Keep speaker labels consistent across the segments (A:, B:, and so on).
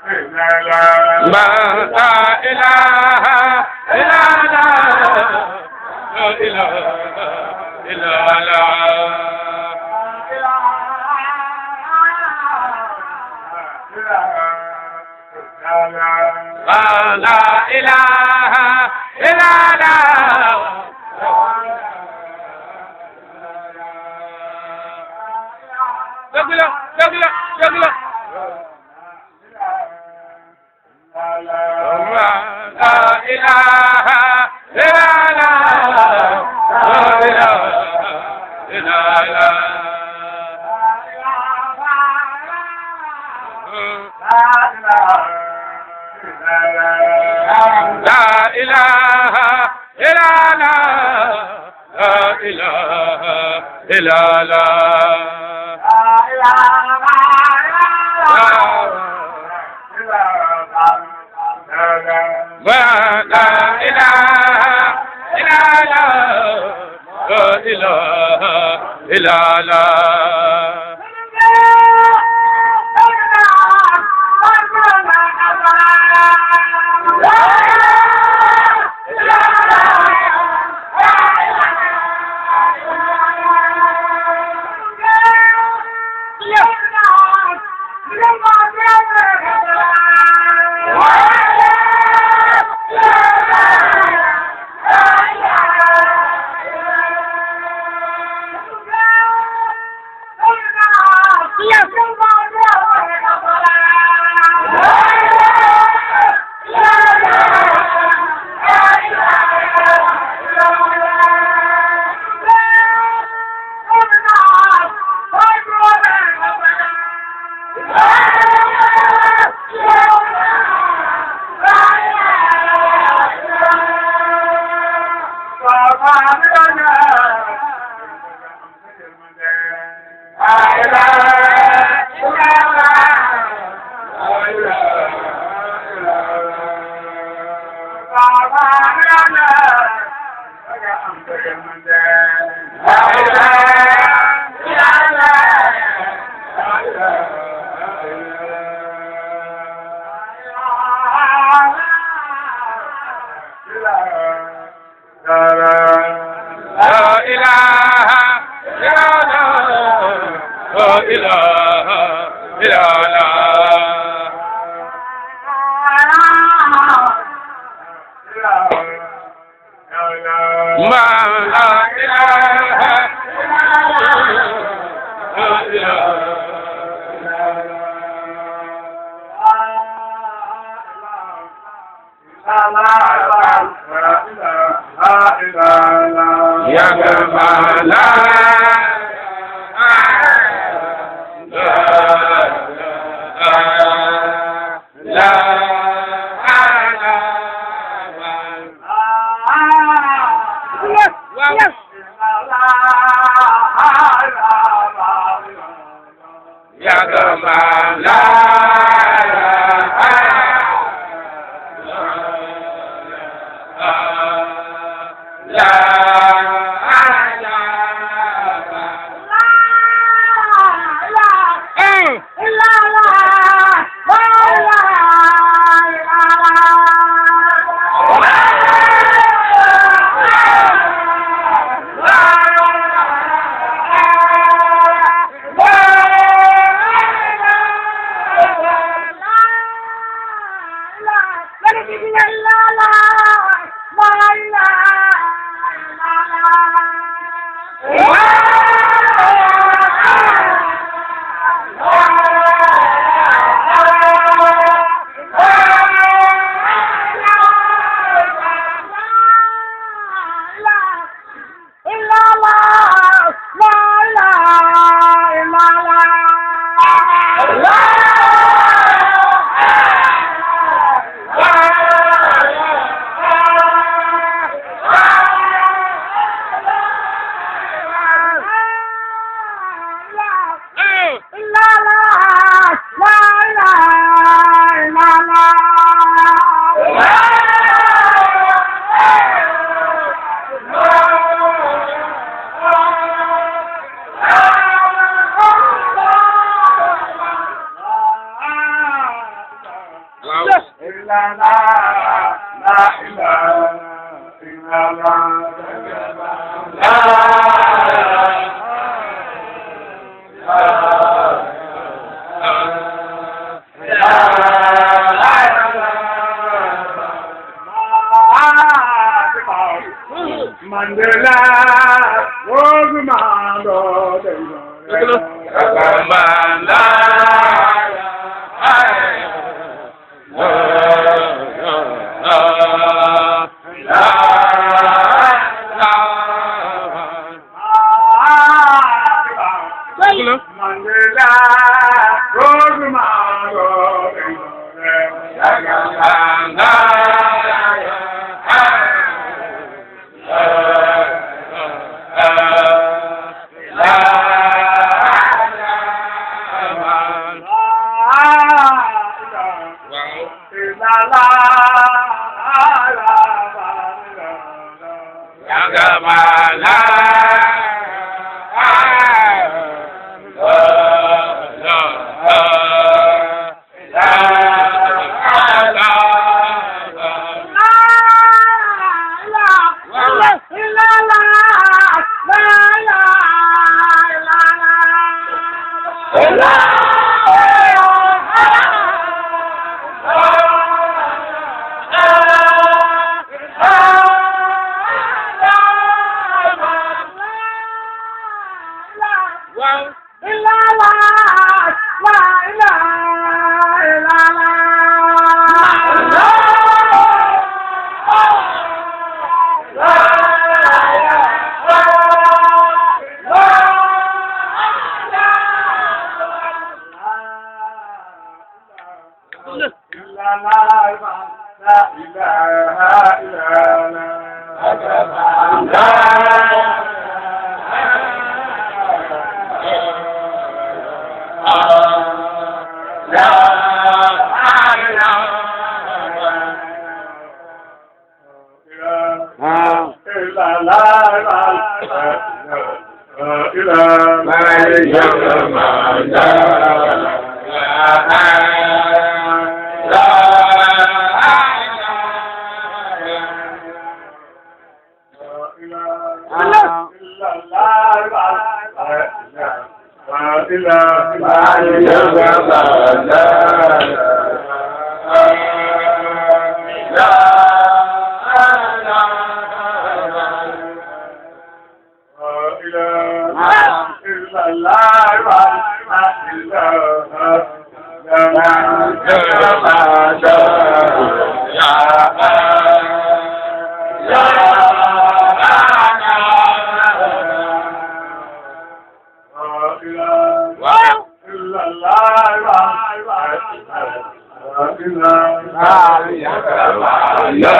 A: ما لا إله إلا لا إله إلا لا لا إله إلا لا لا لا لا لا إله إلا لا لا إله إلا لا لا إله إلا لا إله إلا لا Gracias. Yes. Mandela, Ilah, ilah, ilah, ilah, ilah, ilah, ilah, ilah, ilah, ilah, ilah, ilah, ilah, ilah, ilah, ilah, Yeah, إله إلا الله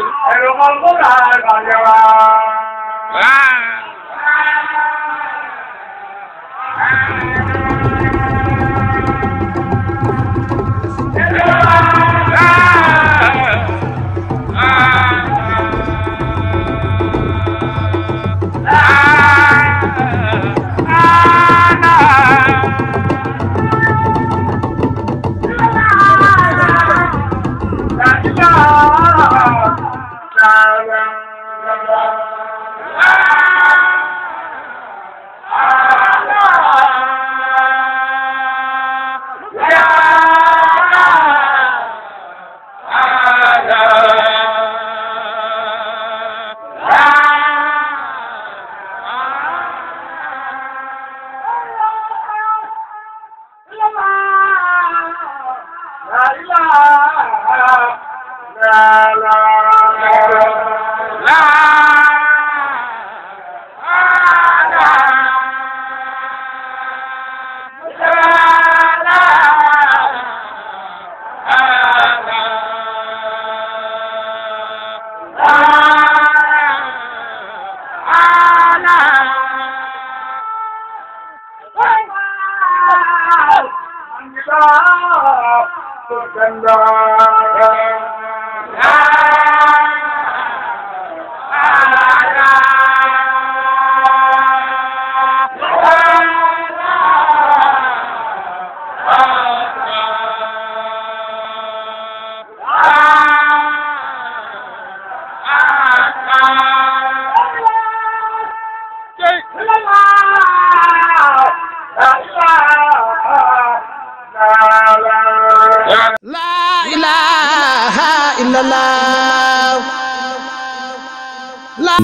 A: 哎，龙哥，我来麻将啦！and